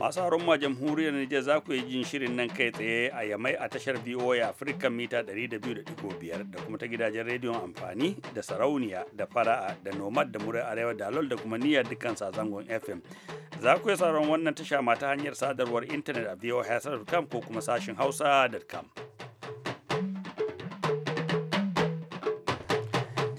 masu haron ma jamhuriyar Nijar za ku yi jin shirin nan kai tsaye a yamai a tashar VOA Africa mita 200.5 da kuma ta gidajen rediyon amfani da sarauniya da fara'a da nomad da murai arewa da lol da kuma niyyar dukkan sazangon FM. Za ku yi sauran wannan tasha ma ta hanyar sadarwar intanet a voahausa.com ko kuma sashin hausa.com.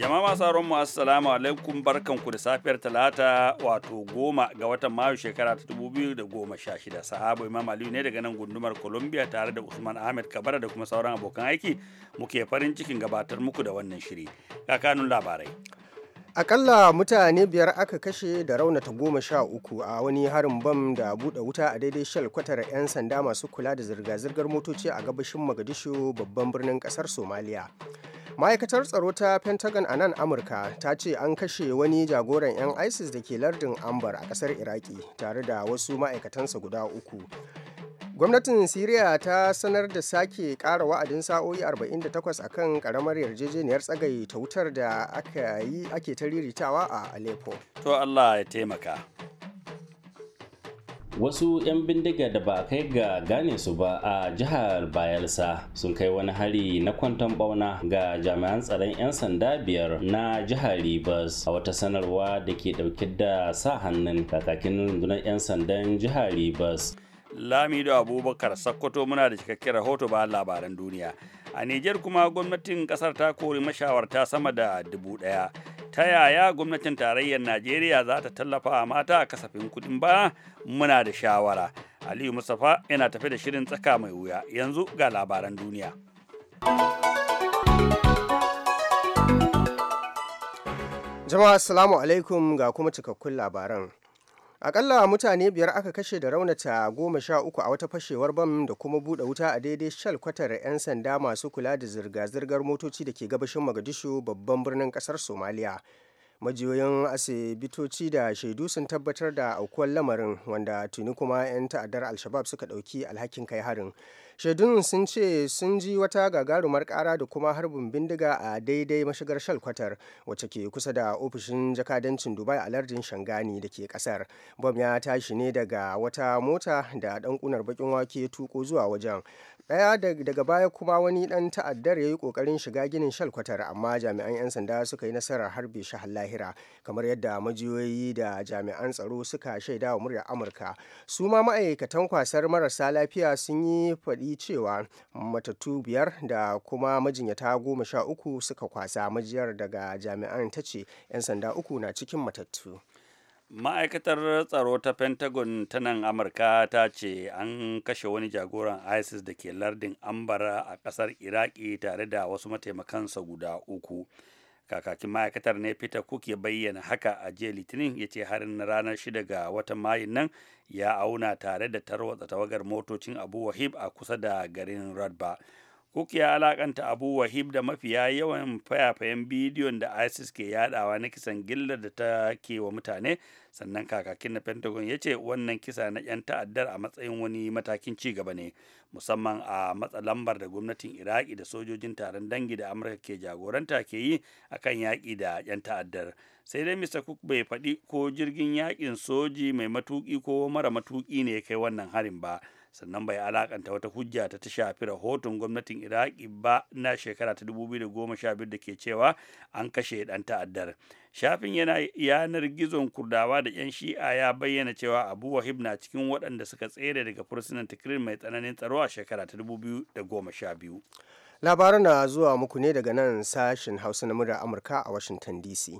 Jama'a masu sauran mu assalamu alaikum ku da safiyar talata wato goma ga watan mayu shekara ta dubu biyu da goma sha shida sahabu imam aliyu ne daga nan gundumar Columbia tare da Usman Ahmed Kabara da kuma sauran abokan aiki muke farin cikin gabatar muku da wannan shiri kakanun labarai. Akalla mutane biyar aka kashe da raunata goma sha uku a wani harin bam da buɗe wuta a daidai shal kwatar 'yan sanda masu kula da zirga-zirgar motoci a gabashin Magadishu babban birnin ƙasar Somaliya. ma'aikatar tsaro ta pentagon a nan amurka ta ce an kashe wani jagoran 'yan isis da ke lardin ambar a kasar iraki tare da wasu ma'aikatansa guda uku gwamnatin syria ta sanar da sake kara wa'adin sa'o'i 48 kan karamar yarjejeniyar tsagai ta wutar da yi ake ta riritawa a aleppo to allah ya taimaka wasu 'yan bindiga da ba kai ga gane su ba a jihar bayelsa sun kai wani hari na kwanton bauna ga jami'an tsaron 'yan sanda biyar na jihar ribas a wata sanarwa da ke dauke da sa hannun kakakin rundunar 'yan sandan jihar lami da Abubakar Sakkwato muna da cikakken rahoto ba labaran duniya. A niger kuma gwamnatin kasar ta kori mashawarta sama da dubu ɗaya. ta yaya gwamnatin tarayyar najeriya za ta tallafa mata a kasafin kudin ba? muna da shawara aliyu mustapha yana tafe da shirin tsaka mai wuya yanzu ga labaran duniya jama'a assalamu alaikum ga kuma cikakkun labaran akalla mutane biyar aka kashe da raunata goma sha uku a wata fashewar bam da kuma buɗe wuta a daidai shal kwatar 'yan sanda masu kula da zirga-zirgar motoci da ke gabashin magadishu babban birnin ƙasar somaliya majiyoyin asibitoci da shaidu sun tabbatar da aukuwar lamarin wanda tuni kuma 'yan ta'addar alshabab suka ɗauki alhakin kai harin shaidun sun ce sun ji wata gagarumar kara da kuma harbin bindiga a daidai mashigar shalkwatar wacce ke kusa da ofishin jakadancin dubai a lardin shangani da ke kasar bom ya tashi ne daga wata mota da dan kunar bakin wake tuko zuwa wajen daya daga baya kuma wani dan ta'addar ya yi kokarin shiga ginin shalkwatar amma jami'an 'yan sanda suka yi nasarar harbe shi lahira kamar yadda majiyoyi da jami'an tsaro suka shaida wa muryar amurka su ma ma'aikatan kwasar marasa lafiya sun yi faɗi cewa matattu biyar da kuma majinyata goma sha uku suka kwasa majiyar daga jami'an ta ce 'yan sanda uku na cikin matattu ma'aikatar tsaro ta pentagon ta nan amurka ta ce an kashe wani jagoran isis da ke lardin ambara a kasar iraki tare da wasu mataimakansa guda uku kakakin ma'aikatar ne peter cook ya bayyana haka a jiya litinin ya ce harin na ranar 6 ga watan mayun nan ya auna tare da tarwatsa tawagar motocin abu wahib a kusa da garin radba Cook ya alakanta Abu Wahib da mafiya yawan fayafayen bidiyon da ISIS ke yadawa na kisan gillar da ta ke wa mutane, sannan kakakin na Pentagon ya ce wannan kisa na 'yan ta'addar a matsayin wani matakin ci gaba ne, musamman a matsa lambar da gwamnatin Iraki da sojojin taron dangi da Amurka ke jagoranta ke yi akan yaƙi da 'yan ta'addar. Sai dai Mr. Cook bai faɗi ko jirgin yaƙin soji mai matuki ko mara matuki ne ya kai wannan harin ba. sannan bai alakanta wata hujja ta ta shafi rahoton gwamnatin iraki ba na shekara ta 2012 da ke cewa an kashe dan ta'addar shafin yana yanar gizon kurdawa da yan shi'a ya bayyana cewa abu wahib na cikin waɗanda suka tsere daga fursunan tikirin mai tsananin tsaro a shekara ta 2012 labaran na zuwa muku ne daga nan sashen hausa na murar amurka a washington dc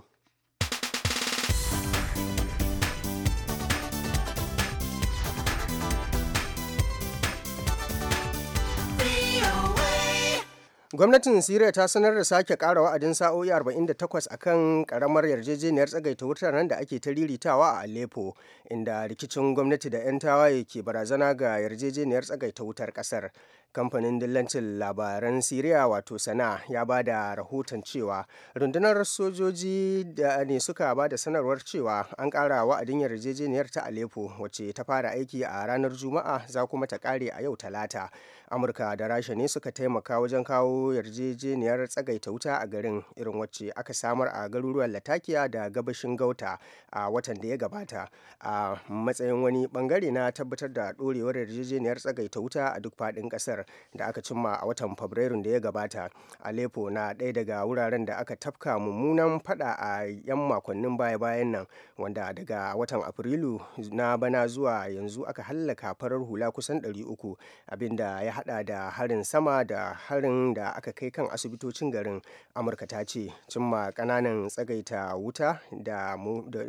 gwamnatin siriya ta sanar da sake kara wa'adin sa'o'i 48 a kan karamar yarjejeniyar tsagaita wutar nan da ake ta riritawa a aleppo inda rikicin gwamnati da 'yan tawaye ke barazana ga yarjejeniyar tsagaita wutar kasar kamfanin dillancin labaran siriya wato sana ya ba da rahoton cewa rundunar sojoji da ne suka ba da sanarwar cewa an kara wa'adin yarjejeniyar ta aleppo wacce ta fara aiki a ranar juma'a za kuma ta kare a yau talata amurka da rasha ne suka taimaka wajen kawo yarjejeniyar tsagaita wuta a garin irin wacce aka samar a garuruwan latakiya da gabashin gauta a watan da ya gabata a matsayin wani bangare na tabbatar da dorewar yarjejeniyar tsagaita wuta a duk faɗin ƙasar da aka cimma a watan fabrairun da ya gabata aleppo na ɗaya daga wuraren da aka tafka mummunan fada a 'yan makonnin baya-bayan nan wanda daga watan afrilu na bana zuwa yanzu aka hallaka farar hula kusan 300 abinda ya hada da harin sama da harin da aka kai kan asibitocin garin amurka ta ce cimma kananan tsagaita wuta da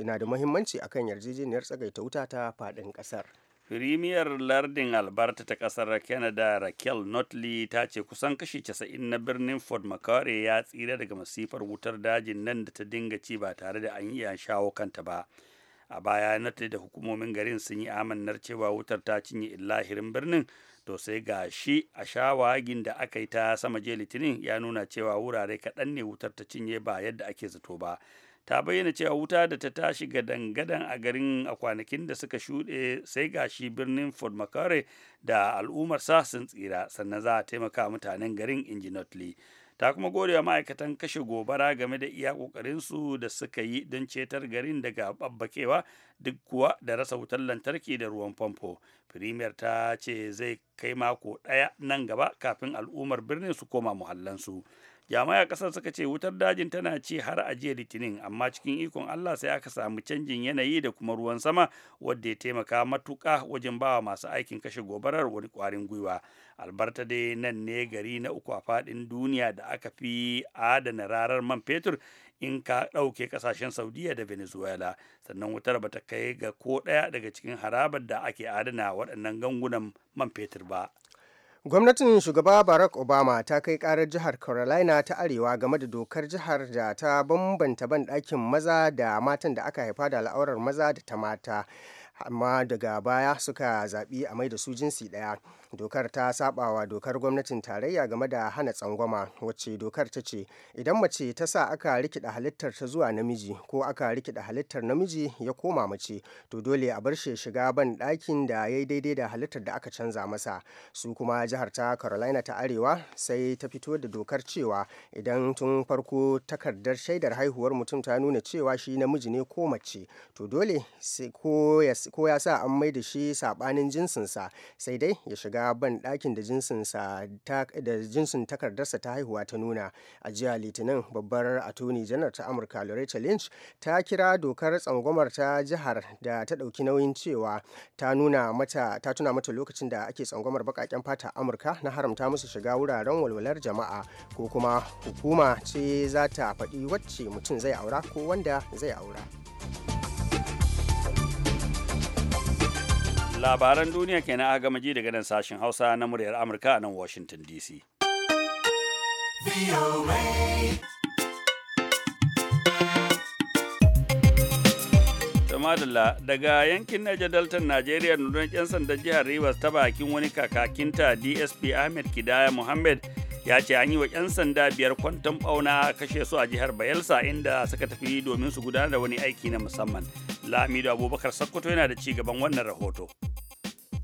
na da muhimmanci akan yarjejeniyar tsagaita wuta ta fadin kasar. Firimiyar lardin albarta ta kasar Canada Raquel Notley ta ce kusan kashi 90 na birnin Fort Macquarie ya tsira daga masifar wutar dajin nan da ta dinga ci ba tare da an an shawo kanta ba. A baya Notley da hukumomin garin sun yi amannar cewa wutar ta cinye illahirin birnin to sai ga shi a shawagin da aka yi ta sama je litinin ya nuna cewa wurare kaɗan ne wutar ta cinye ba yadda ake zato ba ta bayyana cewa wuta da ta tashi ga dangadan a garin a kwanakin da suka shuɗe sai ga shi birnin fort mcmurray da sa sun tsira sannan za a taimaka mutanen garin inji notley ta kuma gode wa ma'aikatan kashe gobara game da iya ƙoƙarinsu da suka yi don cetar garin daga babbakewa duk kuwa da rasa wutar lantarki da ruwan famfo firimiyar ta ce zai kai mako ɗaya nan gaba kafin al'ummar birnin su koma muhallansu jami'a ƙasar kasar suka ce wutar dajin tana ci har a jiya litinin amma cikin ikon allah sai aka samu canjin yanayi da kuma ruwan sama wadda ya taimaka matuka wajen bawa masu aikin kashe gobarar wani kwarin gwiwa albarta dai nan ne gari na uku a faɗin duniya da aka fi adana rarar man fetur in ka ɗauke ƙasashen saudiya da venezuela sannan wutar bata kai ga ko ɗaya daga cikin harabar da ake adana waɗannan gangunan man fetur ba gwamnatin shugaba barack obama ta kai karar jihar carolina ta arewa game da dokar jihar da ta bambanta banɗakin maza da matan da aka haifa da al'aurar maza da ta mata amma daga baya suka zaɓi a mai da su jinsi ɗaya dokar ta sabawa dokar gwamnatin tarayya game da hana tsangwama wacce dokar ta ce idan mace ta sa aka rikida halittar ta zuwa namiji ko aka rikida halittar namiji ya koma mace to dole a bar shi shiga ban ɗakin da ya yi daidai da halittar da aka canza masa su kuma jihar ta carolina ta arewa sai ta fito da dokar cewa idan tun farko takardar shaidar haihuwar mutum ta nuna cewa shi namiji ne ko mace to dole ko ya sa an mai da shi sabanin jinsinsa sai dai ya shiga ban banɗakin da jinsin takardarsa ta haihuwa ta nuna a jiya litinin babbar atoni janar ta amurka loretta lynch ta kira dokar tsangwamar ta jihar da ta ɗauki nauyin cewa ta nuna mata ta tuna mata lokacin da ake tsangwamar baƙaƙen fata amurka na haramta musu shiga wuraren walwalar jama'a ko kuma hukuma ce za ta faɗi wacce mutum zai aura ko wanda zai aura. labaran duniya ke na gama ji daga nan sashen hausa na muryar amurka a nan washington dc madalla daga yankin Niger Delta Nigeria nuna 'yan sandan jihar Rivers ta bakin wani kakakinta DSP Ahmed Kidaya Muhammad ya ce an yi wa 'yan sanda biyar kwantan bauna kashe su a jihar Bayelsa inda suka tafi domin su gudanar da wani aiki na musamman. Lamido Abubakar Sokoto yana da ci gaban wannan rahoto.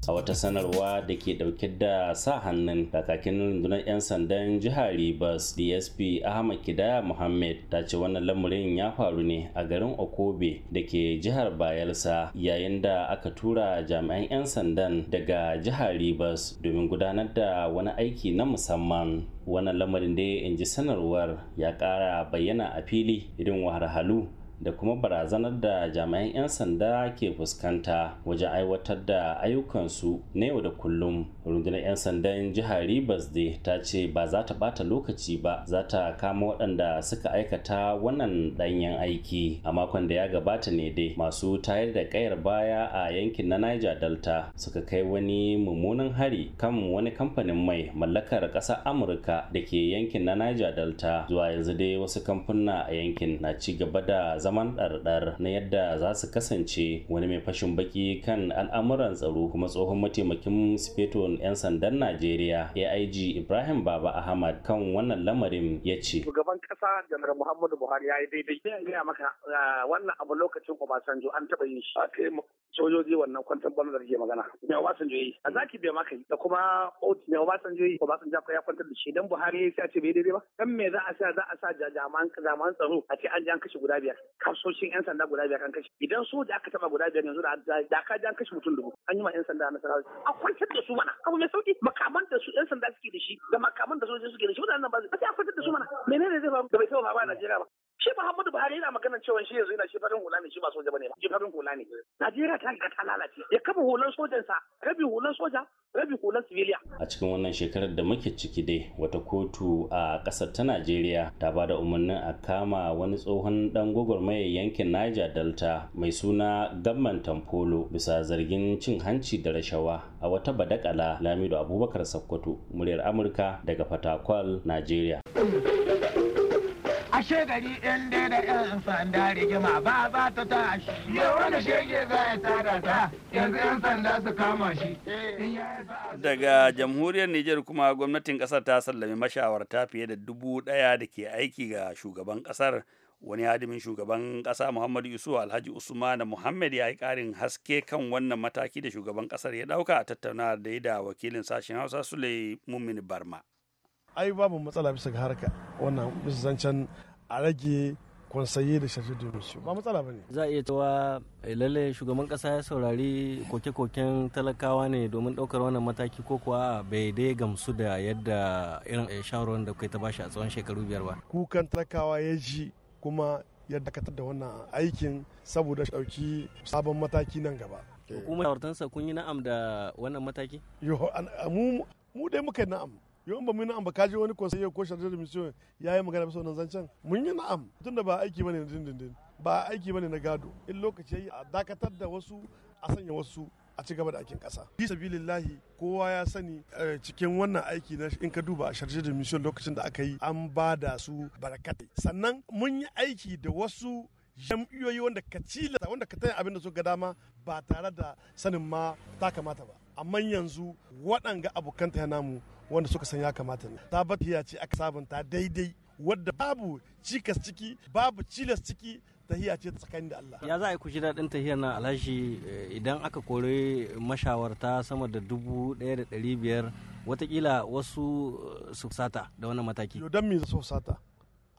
a wata sanarwa da ke dauke da sa hannun kakakin rundunar 'yan sandan jihar Rivers DSP Ahmad Kidaya Muhammad ta ce wannan lamarin ya faru ne a garin Okobe da ke jihar Bayelsa yayin da aka tura jami'an 'yan sandan daga jihar Ribas domin gudanar da wani aiki na musamman wannan lamarin da in ji sanarwar ya ƙara bayyana a fili irin wahalhalu da kuma barazanar da jami'an 'yan sanda ke fuskanta wajen aiwatar da ayyukansu na yau da kullum rundunar 'yan sandan jihar ribas dai ta ce ba za ta bata lokaci ba za ta kama waɗanda suka aikata wannan ɗanyen aiki a makon da ya gabata ne dai masu tayar da kayar baya a yankin na niger delta suka kai wani mummunan hari kan wani kamfanin mai mallakar ƙasar amurka da ke yankin na niger delta zuwa yanzu dai wasu kamfuna a yankin na ci gaba da zaman ɗarɗar na yadda za su kasance wani mai fashin baki kan al'amuran tsaro kuma tsohon mataimakin sifeton 'yan sandan najeriya aig ibrahim baba ahmad kan wannan lamarin ya ce shugaban ƙasa janar muhammadu buhari ya yi daidai ya gaya maka ah, wannan abu lokacin obasanjo an taɓa yin shi sojoji wannan kwantar bana da ke magana mai obasanjo joyi a zaki bai maka yi da kuma ot mai obasanjo yi obasanjo ya kwantar da shi dan buhari ya sa a ce bai daidai ba Kan me za a sa za a sa jaman zaman tsaro a ce an ji an kashe guda biyar kasoshin yan sanda guda biyar an kashe idan soja aka taba guda biyar yanzu da ka ji an kashe mutum dubu an yi ma yan sanda na sarari a kwantar da su mana abu mai sauki makaman da su yan sanda suke da shi da makaman da sojoji suke da shi mutanen nan ba sai a kwantar da su mana menene zai faru da bai taba ba a Najeriya ba shi Muhammadu Buhari yana magana cewa shi yanzu yana shi farin hula ne shi ba soja bane shi farin hula ne Najeriya ta riga ta lalace ya kafa hulan sojan sa rabi hulan soja rabi hulan civilia a cikin wannan shekarar da muke ciki dai wata kotu a ƙasar ta Najeriya ta ba da umarnin a kama wani tsohon dan gwagwarmaya yankin Niger Delta mai suna Gamman Tampolo bisa zargin cin hanci da rashawa a wata badakala Lamido Abubakar Sakkwato muryar Amurka daga Fatakwal Najeriya ashe gari ɗin dai da yan sanda rigima ba ba ta shi ya wani shege za ya tada ta yanzu yan sanda su kama shi eh. daga jamhuriyar Nijar kuma gwamnatin ƙasar ta sallami mashawarta fiye da dubu ɗaya da ke aiki ga shugaban ƙasar wani hadimin shugaban ƙasa muhammadu yusuf alhaji usman muhammad ya yi ƙarin haske kan wannan mataki da shugaban ƙasar ya ɗauka a tattauna da ya da wakilin sashen hausa sule barma ai babu matsala bisa ga harka wannan bisa zancen a rage kwansaye da shafi domin ba matsala ba ne za a iya cewa eh, lalle shugaban kasa ya saurari koke-koken talakawa ne domin daukar wannan mataki ko kuwa bai dai gamsu da yadda irin eh, shawarwar da kai ta bashi a tsawon shekaru biyar ba kukan talakawa ya ji kuma ya dakatar da wannan aikin saboda ɗauki sabon mataki nan gaba hukumar shawartansa kun yi na'am da wannan mataki yo mu dai muka na'am yawan ba mu na'am ba kaji wani conseiller ko chargé de mission ya yi magana bisa wannan zancen mun yi na'am da ba aiki bane na dindindin ba aiki bane na gado in lokaci yi a dakatar da wasu a sanya wasu a ci gaba da aikin kasa bi sabilillahi kowa ya sani eh, cikin wannan aiki na in ka duba a chargé de mission lokacin da aka yi an ba da su barakatai sannan mun yi aiki da wasu jam'iyoyi wanda ka cilata wanda ka tayin abin da suka dama ba tare da sanin ma ta kamata ba amma yanzu waɗanga abokan ta namu wanda suka san ya kamata ne ta ce aka sabunta daidai wadda babu cikas ciki babu cilas ciki tahiya ce tsakanin da Allah ya za a yi kushi daɗin tahiyar nan alhaji eh, idan aka kore mashawarta sama da dubu ɗaya da ɗari biyar watakila wasu eh, su sata da wani mataki don me su sata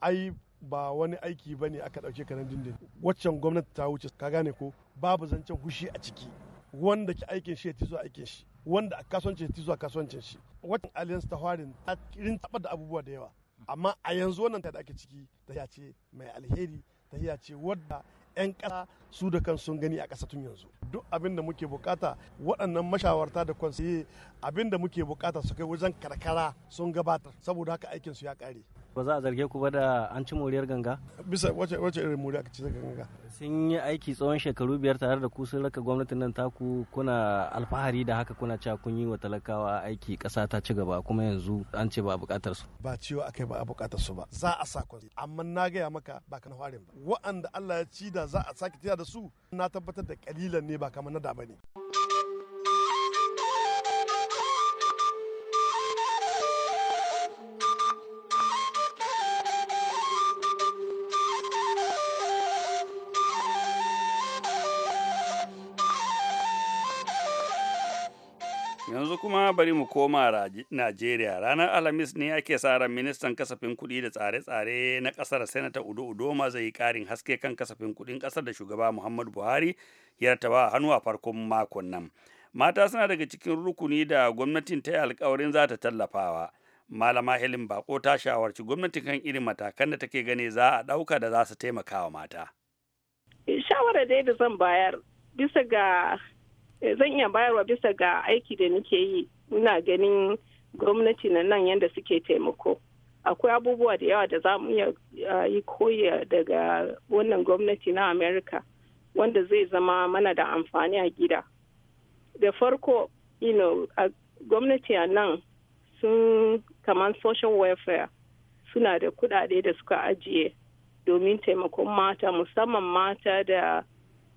ai ba wani aiki ba ne aka ɗauke ka nan dindin waccan gwamnati ta wuce ka gane ko babu zancen hushi a ciki wanda ke aikin shi ya so aikin shi wanda a kasuwancin shi zuwa kasuwancin shi wata alliance ta farin ta kirin taba da abubuwa da yawa amma a yanzu wannan da ake ciki ta ce mai alheri ta ce wadda 'yan kasa su da kan sun gani a ƙasa tun yanzu duk abin da muke bukata waɗannan mashawarta da kwansaye abin da muke bukata su kai wajen karkara sun gabatar saboda haka aikin su ya ƙare ba za a zarge ku ba da an ci moriyar ganga bisa wace wace irin moriya aka ci ganga sun yi aiki tsawon shekaru biyar tare da ku sun raka gwamnatin nan taku kuna alfahari da haka kuna cewa kun yi wa talakawa aiki ƙasa ta ci gaba kuma yanzu an ce ba a buƙatar su ba ciwo akai ba a buƙatar su ba za a sa amma na gaya maka ba kan farin ba wa'anda Allah ya ci da za a sake tiya da su na tabbatar da kalilan ne ba kamar na da ba ne. yanzu kuma bari mu koma najeriya ranar alhamis ne ake sa ran ministan kasafin kuɗi da tsare-tsare na kasar senata udo udoma zai yi ƙarin haske kan kasafin kuɗin kasar da shugaba muhammadu buhari ya taba hannu a farkon makon nan mata suna daga cikin rukuni da gwamnatin ta yi alkawarin za ta tallafawa malama helen bako ta shawarci gwamnati kan irin matakan da take gane za a ɗauka da za su taimaka wa mata eh, shawara dai da zan bayar bisa ga Eh, zan iya bayarwa bisa ga aiki da nake yi muna ganin gwamnati na nan yadda suke taimako akwai abubuwa da yawa da za mu iya eh, yi koya daga wannan gwamnati na america wanda zai zama mana da amfani a gida da farko you gwamnati a nan sun kamar social welfare suna da kudade da suka ajiye domin taimakon mata musamman mata da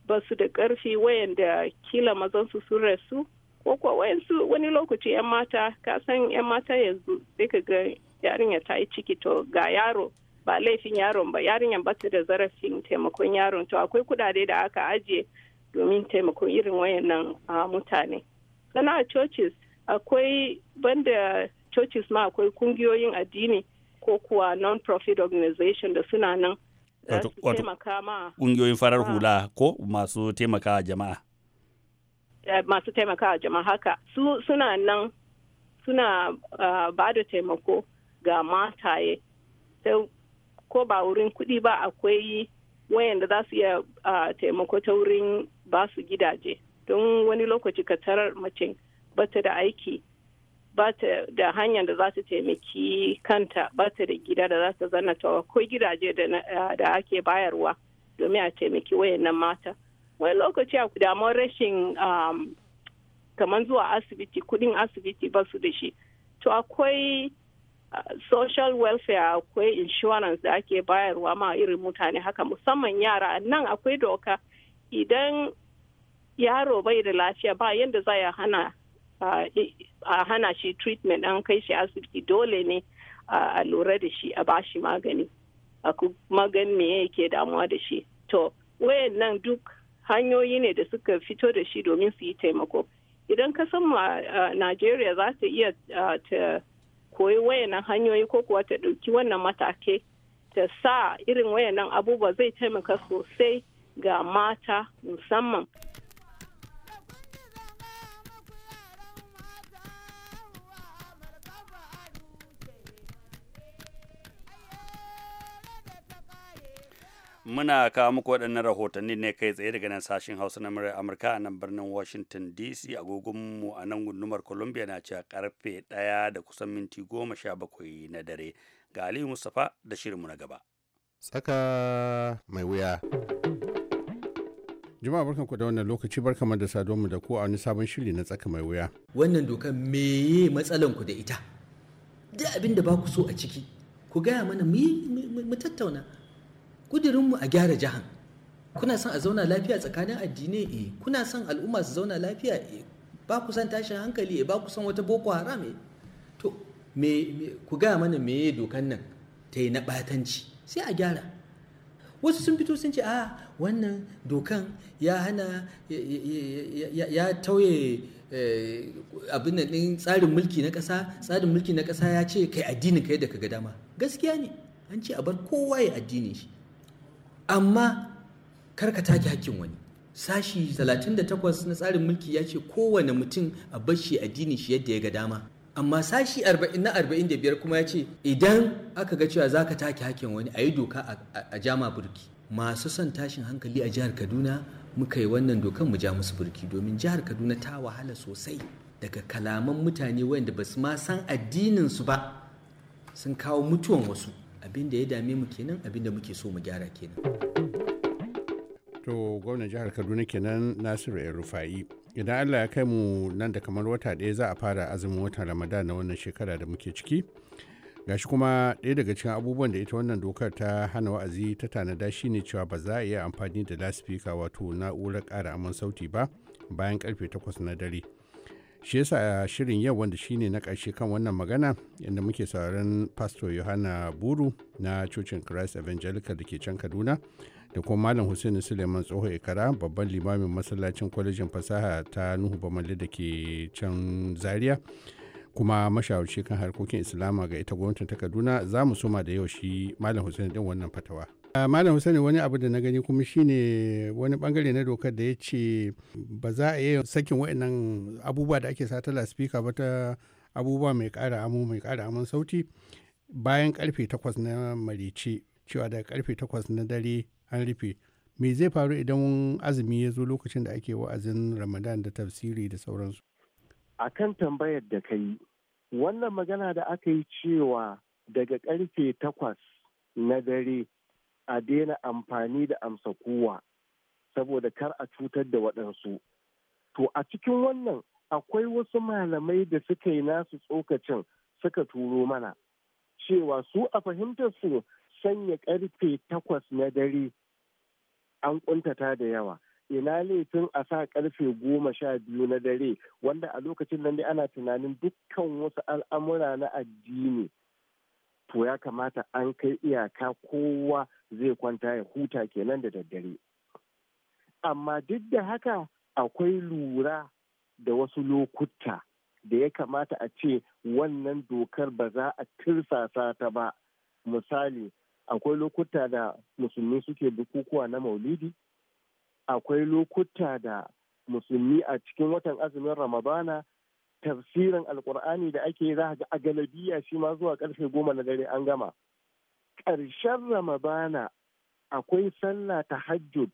ba su da ƙarfi wayanda kila mazansu sun rasu ko kuwa wayansu wani lokaci 'yan mata ka san 'yan mata yanzu sai ka ga yarinya ta yi ciki to ga yaro ba laifin yaron ba yarinyar ba ta da zarafin taimakon yaron to akwai kudade da aka ajiye domin taimakon irin wayannan mutane sana churches akwai banda churches ma akwai kungiyoyin addini ko kuwa non-profit organization da suna nan ƙungiyoyin farar ah. hula ko masu taimakawa jama'a eh, masu taimakawa jama'a haka su suna nan suna ah, ba da taimako ga mataye ko ba wurin kuɗi ba akwai da za su iya ah, taimako ta wurin ba su gidaje don wani lokaci ka tarar mace bata da aiki ba ta da hanyar da za ta taimaki kanta ba ta da gida da za ta zanna ta ko gidaje da eh, ake bayarwa domin a taimaki wayannan mata wani lokaci a damar rashin um, kamar zuwa asibiti kudin asibiti ba su da shi to akwai uh, social welfare akwai insurance da ake bayarwa ma irin mutane haka musamman yara nan akwai doka idan yaro bai da lafiya ba yadda za ya hana a hana shi treatment an kai shi asibiti dole ne a lura da shi a bashi magani a kuma me yake damuwa da shi to wayannan duk hanyoyi ne da suka fito da shi domin su yi taimako idan ka san najeriya za ta iya ta koyi wayannan hanyoyi ko kuwa ta ɗauki wannan matake ta sa irin wayannan abubuwa zai taimaka sosai ga mata musamman muna kawo muku waɗannan rahotanni ne kai tsaye daga nan sashen hausa na murar amurka a nan birnin washington dc agogonmu a nan gundumar columbia na cewa karfe ɗaya da kusan minti goma sha bakwai na dare ga aliyu mustapha da shirinmu na gaba tsaka mai wuya jima'a barkan ku da wannan lokaci kamar da saduwa mu da ku a wani sabon shiri na tsaka mai wuya. Wannan doka meye matsalan ku da ita? Duk abin da ba ku so a ciki, ku gaya mana mu tattauna. ƙudurinmu a gyara jihan, kuna son a zauna lafiya tsakanin addini eh kuna son al'umma su zauna lafiya eh ba ku son tashin hankali eh ba ku son wata boko haram eh to ku gaya mana me dokan nan ta yi na batanci sai a gyara wasu sun fito sun ce a wannan dokan ya hana ya tauye eh, abin din tsarin mulki na ƙasa tsarin mulki na ƙasa ya ce kai addinin kai da ka ga dama gaskiya ne an ce a bar kowa ya addini shi amma karka take hakkin wani sashi 38 na tsarin mulki ya ce kowane mutum a bashi addini shi yadda ya ga dama amma sashi na 45 kuma ya ce idan aka ga cewa zaka take hakkin wani a yi doka a jama burki masu son tashin hankali a jihar kaduna muka yi wannan dokan mu ja musu burki domin jihar kaduna ta wahala sosai daga kalaman mutane wanda ba su ma san addinin su ba sun kawo mutuwan wasu abin da ya dame mu kenan abin da muke so mu gyara kenan to gwamnan jihar kaduna kenan nasiru el rufa'i idan allah ya kai mu nan da kamar wata ɗaya za a fara azumin watan ramadan na wannan shekara da muke ciki gashi kuma ɗaya daga cikin abubuwan da ita wannan dokar ta hana wa'azi ta tanada shi ne cewa ba za a iya amfani da lasifika wato na'urar ƙara aman sauti ba bayan karfe takwas na dare shi yasa shirin yau wanda shi ne na ƙarshe kan wannan magana inda muke sauraron pastor yohana buru na cocin christ evangelical da ke can kaduna da kuma malam hussein suleiman tsoho ikara babban limamin masallacin kwalejin fasaha ta nuhu bamalli da ke can zaria kuma mashawarci kan harkokin islama ga ita gwamnatin ta kaduna za mu suma da yau shi malam hussein din wannan fatawa malam san wani abu da na gani kuma shine wani bangare na dokar da ya ce ba za a iya sakin waɗannan abubuwa da ake sata laspika ba ta abubuwa mai ƙara amu mai ƙara amun sauti bayan karfe takwas na marice cewa daga karfe takwas na dare an rufe me zai faru idan azumi ya zo lokacin da ake wa'azin ramadan da tafsiri da sauransu a kan tambayar da ka wannan magana da aka yi cewa daga karfe takwas na dare a daina amfani da amsa kowa saboda kar a cutar da waɗansu to a cikin wannan akwai wasu malamai da suka yi nasu tsokacin suka turo mana cewa su a fahimtar su sanya karfe takwas na dare an kuntata da yawa ina laifin a sa karfe goma sha biyu na dare wanda a lokacin nan dai ana tunanin dukkan wasu al'amura na addini to ya kamata an kai iyaka kowa zai kwanta ya huta kenan da daddare amma duk da haka akwai lura da wasu lokuta da ya kamata a ce wannan dokar ba za a tirsasa ta ba misali akwai lokuta da musulmi suke bukukuwa na maulidi akwai lokuta da musulmi a cikin watan azumin ramadana tafsirin alkur'ani da ake za ga a galabiya shi ma zuwa karfe goma na dare an gama ƙarshen ramabana akwai sallah tahajjud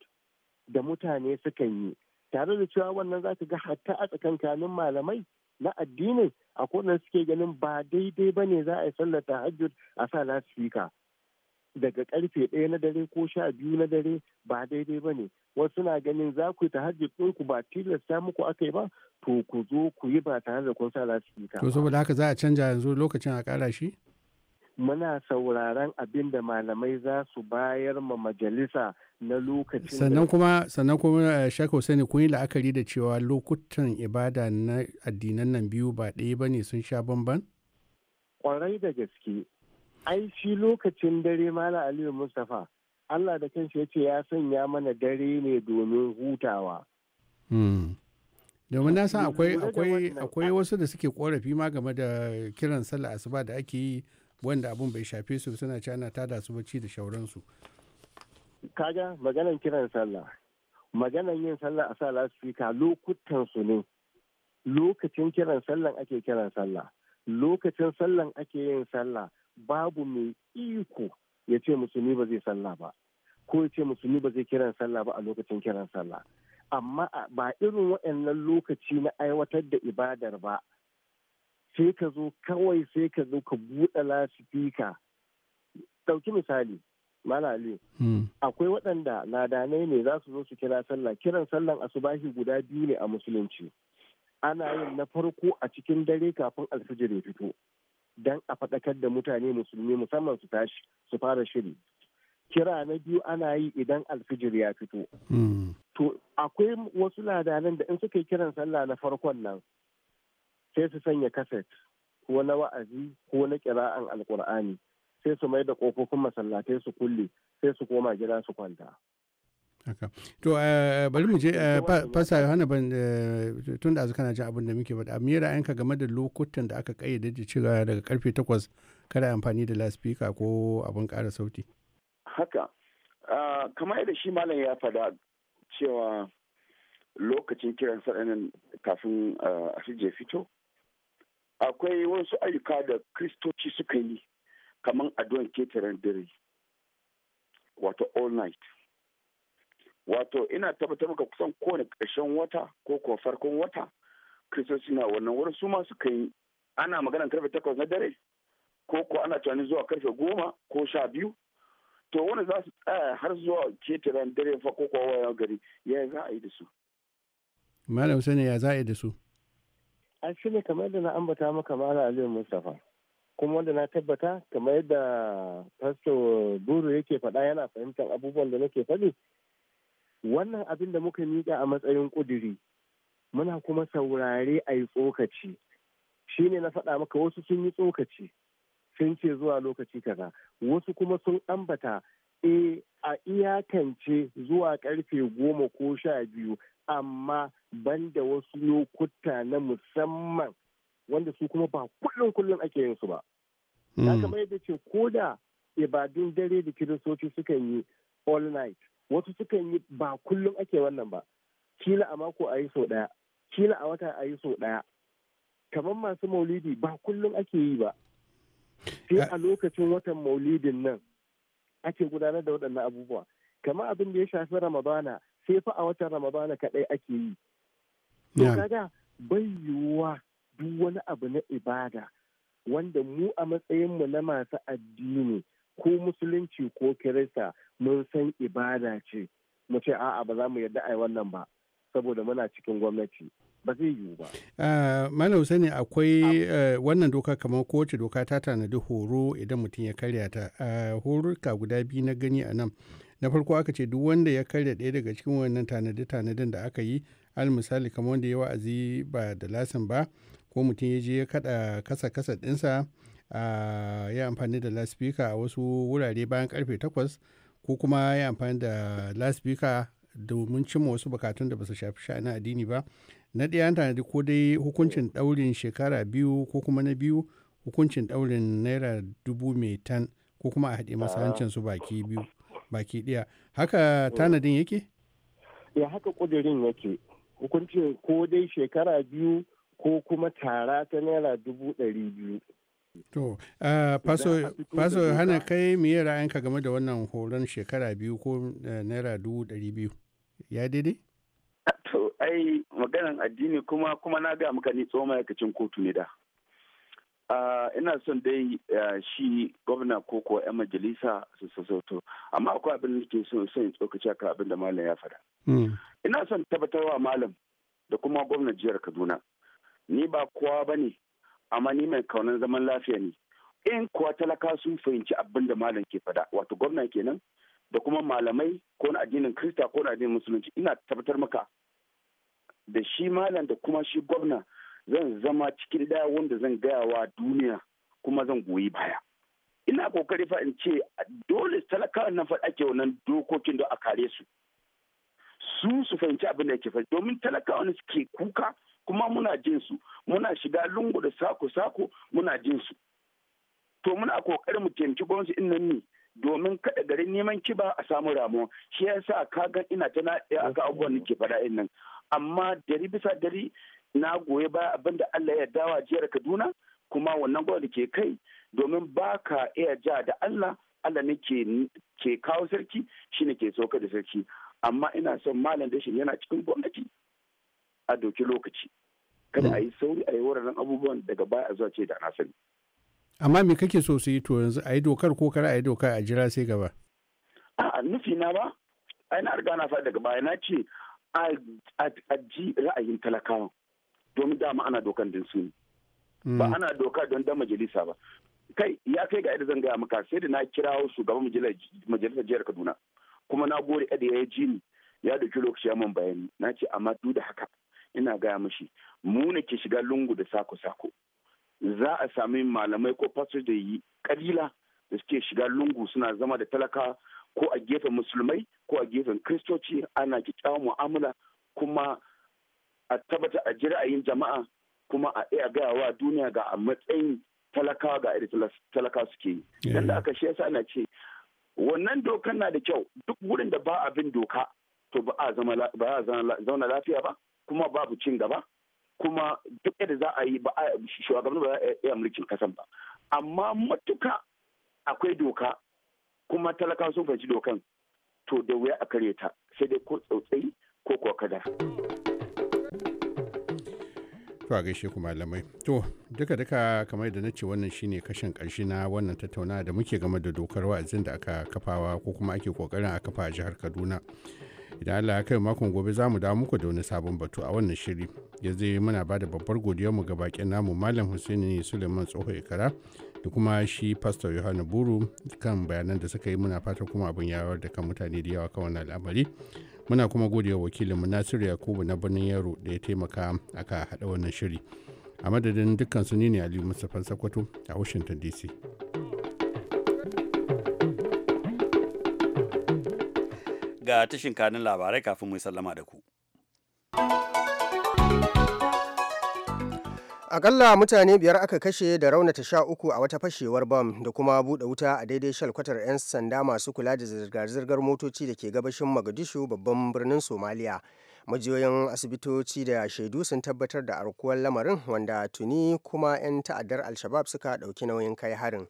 da mutane sukan yi tare da cewa wannan za ka ga hatta a tsakankanin malamai na addinin a kowane suke ganin ba daidai ba ne za a yi sallar tahajjud a sa lasifika. daga karfe ɗaya na dare ko sha biyu na dare ba daidai ba ne wasu na ganin za ku yi tahajjud ɗinku ba tilasta muku aka yi ba to ku zo ku yi ba tare da kun sa lasifika. to saboda haka za a canja yanzu lokacin a ƙara shi. muna sauraron abin da malamai za su bayar ma majalisa na lokacin sannan kuma sannan kuma eh, shaka sani kun yi la'akari da cewa lokutan ibada na addinan nan biyu ba ɗaya ba ne sun sha bamban? kwarai da gaske ai shi lokacin dare mala aliyu mustapha allah da kanshi ya ce ya sanya mana dare ne domin hutawa hmm. domin na san akwai wasu da suke korafi ma game da kiran sallah asuba da ake yi wanda abun bai shafe su suna ci tada su bacci da shauransu kaga maganan kiran sallah maganan yin sallah a sa ka lokutan su ne lokacin kiran sallah ake kiran sallah lokacin sallah ake yin sallah babu mai iko ya ce musulmi ba zai sallah ba ko ya ce musulmi ba zai kiran sallah ba a lokacin kiran sallah amma ba irin waɗannan lokaci na aiwatar da ibadar ba sai ka zo kawai sai ka zo ka buɗe lasifika ɗauki misali malali hmm. akwai waɗanda ladanai ne za su zo su kira sallah kiran sallan asubahi guda biyu ne a musulunci ana yin na farko a cikin dare kafin alfijir ya fito don a faɗakar da mutane musulmi musamman su tashi su fara shiri kira na biyu ana yi idan alfijir ya fito hmm. to akwai wasu ladanan da in suka yi kiran sallah na farkon nan sai su sanya kaset ko na wa'azi ko na kira'an alkur'ani sai su mai da ƙofofin masallatai su kulle sai su koma gida su kwanta haka to eh, eh, bari mu je eh, fasa yohana ban tun da kana jin abin da muke faɗa me ra'ayinka game da lokutan da aka kayyade da cewa daga karfe takwas kada amfani da laspika ko abin kara sauti haka ah, kamar yadda shi malam ya faɗa cewa lokacin kiran saɗanin kafin ah, a fije fito akwai wasu ayyuka da kristoci suka yi kamar addu'an ketaren dare wato all night wato ina tabbatar maka kusan kowane ƙarshen wata ko kuma farkon wata kristoci na wannan wurin su masu suka ana magana karfe takwas na dare ko ko ana tunanin zuwa karfe goma ko sha biyu to wani za su tsaya har zuwa ketaren dare fa ko kuwa wayan gari ya za a yi da su. malam sani ya za a yi da su. an shi kamar yadda na ambata maka malam aliyu mustapha kuma wanda na tabbata kamar yadda pastor buru yake faɗa yana fahimtar abubuwan da nake faɗi wannan abin da muka miƙa a matsayin ƙuduri muna kuma saurare a yi tsokaci shi ne na faɗa maka wasu sun yi tsokaci sun ce zuwa lokaci kaza wasu kuma sun ambata e a iyakance zuwa karfe goma ko sha biyu amma banda wasu lokuta na musamman wanda su kuma ba kullum kullum ake yin su ba. Ya hmm. kamar yadda ce ko da ibadun dare da kiristoci sukan yi all night wasu sukan yi ba kullum ake wannan ba kila a mako a yi sau ɗaya kila a wata a yi sau ɗaya kamar masu maulidi ba kullum ake yi ba sai a lokacin watan maulidin nan ake gudanar da waɗannan abubuwa kamar abin da ya shafi ramadana sai fa a watan ramadana kaɗai ake yi kaga bai yiwuwa duk wani abu na ibada wanda mu a matsayinmu na masu addini ko musulunci ko kirista mun san ibada ce mu ce a'a ba za mu yarda ai wannan ba saboda muna cikin gwamnati ba zai yiwu ba. Ah, Malam sani akwai eh, wannan doka kamar kowace doka ta tanadi horo idan mutum ya karya ta. Ah, horuka guda biyu na gani a nan. Na farko aka ce duk wanda ya karya ɗaya daga cikin wannan tanade-tanaden da aka yi, al misali kamar wanda ya wa'azi ba da lasin ba, ko mutum ya je ya kaɗa kasa-kasa ɗinsa ya amfani da laspika a wasu wurare bayan karfe 8 ko kuma ya amfani da laspika domin cimma wasu bukatun da ba su shafi sha'anin addini ba na ɗaya an tanadi ko dai hukuncin ɗaurin shekara biyu ko kuma na biyu hukuncin ɗaurin naira dubu mai tan ko kuma a haɗe masa hancin su baki biyu baki ɗaya haka tanadin yake ya haka ƙudurin yake hukuncin ko dai shekara biyu ko kuma tara ta naira dubu ɗari biyu To, faso hana kai miye ra'ayinka game da wannan horon shekara biyu ko eh, naira dubu ɗari biyu. Ya daidai? To, ai maganan addini kuma kuma na ga muka ni tsohon ma'aikacin kotu ne da. ina son dai shi gwamna ko kuwa 'yan majalisa su sassauto amma akwai abin da ke son son tsokaci akan abin da malam ya faɗa. Hmm. Ina son tabbatarwa malam da kuma gwamna jihar Kaduna. Ni ba kowa ba ne amma ni mai kaunar zaman lafiya ne in kuwa talaka sun fahimci abin da malam ke fada wato gwamna kenan da kuma malamai ko na addinin krista ko na addinin musulunci ina tabbatar maka da shi malam da kuma shi gwamna zan zama cikin daya wanda zan gaya wa duniya kuma zan goyi baya ina kokari fa in ce dole talaka nan fa ake wannan dokokin da a kare su su su fahimci abin da yake faɗi domin talakawan suke kuka kuma muna jin su muna shiga lungu da sako sako muna jin su to muna kokarin mu taimaki gwamnati din nan ne domin kada garin neman kiba a samu ramuwa shi yasa ka ga ina ta na eh, aka abubuwan ke faɗa din nan amma dari bisa dari na goyi baya abinda Allah ya dawa jiyar Kaduna kuma wannan gwamnati ke kai domin baka iya ja da Allah Allah ne ke kawo sarki shi ne ke sauka da sarki amma ina son malam dashin yana cikin gwamnati a doki lokaci kada mm. a yi sauri a yi waɗannan abubuwan daga baya a zuwa ce da na sani amma me kake so su yi to yanzu a yi dokar ko kar a yi doka, a jira sai gaba a nufi na ba ai na riga na faɗi daga baya na ce a ji ra'ayin talakawa domin dama ana dokan din su mm. ba ana doka don dan majalisa ba kai ya kai ga yadda zan gaya maka sai da na kirawo shugaban majalisar jihar Kaduna kuma na gode yadda ya ji ni ya doki lokaci ya man bayani na ce amma duk da haka ina gaya mashi mu ne ke shiga lungu da sako-sako za a sami malamai ko fasu da yi kabila da suke shiga lungu suna zama da talaka ko a gefen musulmai ko a gefen kristoci ana kyakkyawan mu'amala kuma a tabbata a ji ra'ayin jama'a kuma a iya gaya wa duniya ga a matsayin talakawa ga irin talaka suke yi dan da aka shi ana ce wannan dokan na da kyau duk wurin da ba abin doka to ba a zauna lafiya ba kuma babu cin gaba kuma duk yadda za a yi ba shugaban ba za a iya mulkin kasan ba amma matuka akwai doka kuma talaka sun fahimci dokan to da wuya a karye ta sai dai ko tsautsayi ko kuwa kadar. To a gaishe ku malamai. To duka duka kamar da na ce wannan shine kashin karshe na wannan tattauna da muke game da dokar wa'azin da aka kafawa ko kuma ake kokarin a kafa a jihar Kaduna. idan allah ya kai makon gobe zamu mu muku da wani sabon batu a wannan shiri yanzu muna ba da babbar mu ga bakin namu malam husaini suleiman tsoho ikara da kuma shi pastor yohana buru kan bayanan da suka yi muna fata kuma abin yawar da kan mutane da yawa kan wannan al'amari muna kuma godiya wakilinmu nasiru yakubu na birnin yaro da ya taimaka aka haɗa wannan shiri a madadin dukkan su ne aliyu mustapha sakwato a washington dc ga tashin kanin labarai kafin mu sallama da ku. Akalla mutane biyar aka kashe da raunata sha uku a wata fashewar bam da kuma buɗe wuta a daidai shalkwatar 'yan sanda masu kula da zirga-zirgar motoci da ke gabashin magadishu babban birnin Somaliya. majiyoyin asibitoci da shaidu sun tabbatar da arkuwar lamarin wanda tuni kuma 'yan ta'addar al suka ɗauki nauyin kai harin.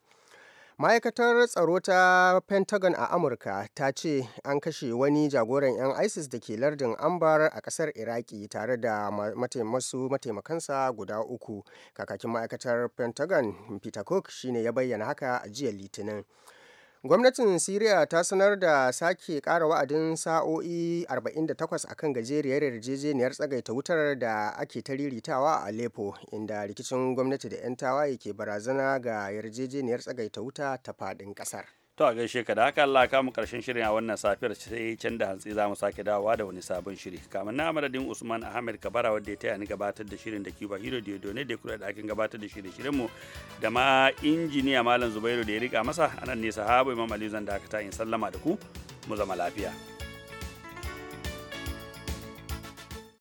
ma'aikatar tsaro ta pentagon a amurka ta ce an kashe wani jagoran 'yan isis da ke lardin ambar a kasar iraki tare da masu mataimakansa guda uku kakakin ma'aikatar pentagon peter cook shine ya bayyana haka a jiya litinin gwamnatin syria ta sanar da sake kara wa'adin sa'o'i 48 akan gajeriyar yarjejeniyar tsagaita wutar da ake ta riritawa a aleppo inda rikicin gwamnati da 'yan tawaye ke barazana ga yarjejeniyar tsagaita wuta ta faɗin ƙasar To a gaishe ka da haka Allah ka karshen shirin a wannan safiyar sai can da hantsi za mu sake dawowa da wani sabon shiri. Kamar na madadin Usman Ahmed Kabara wanda ya taya ni gabatar da shirin da Cuba Hero da ne da kula da ake gabatar da shirin shirin mu da ma injiniya Malam Zubairu da ya rika masa anan ne sahabo Imam Ali zan da aka ta in sallama da ku mu zama lafiya.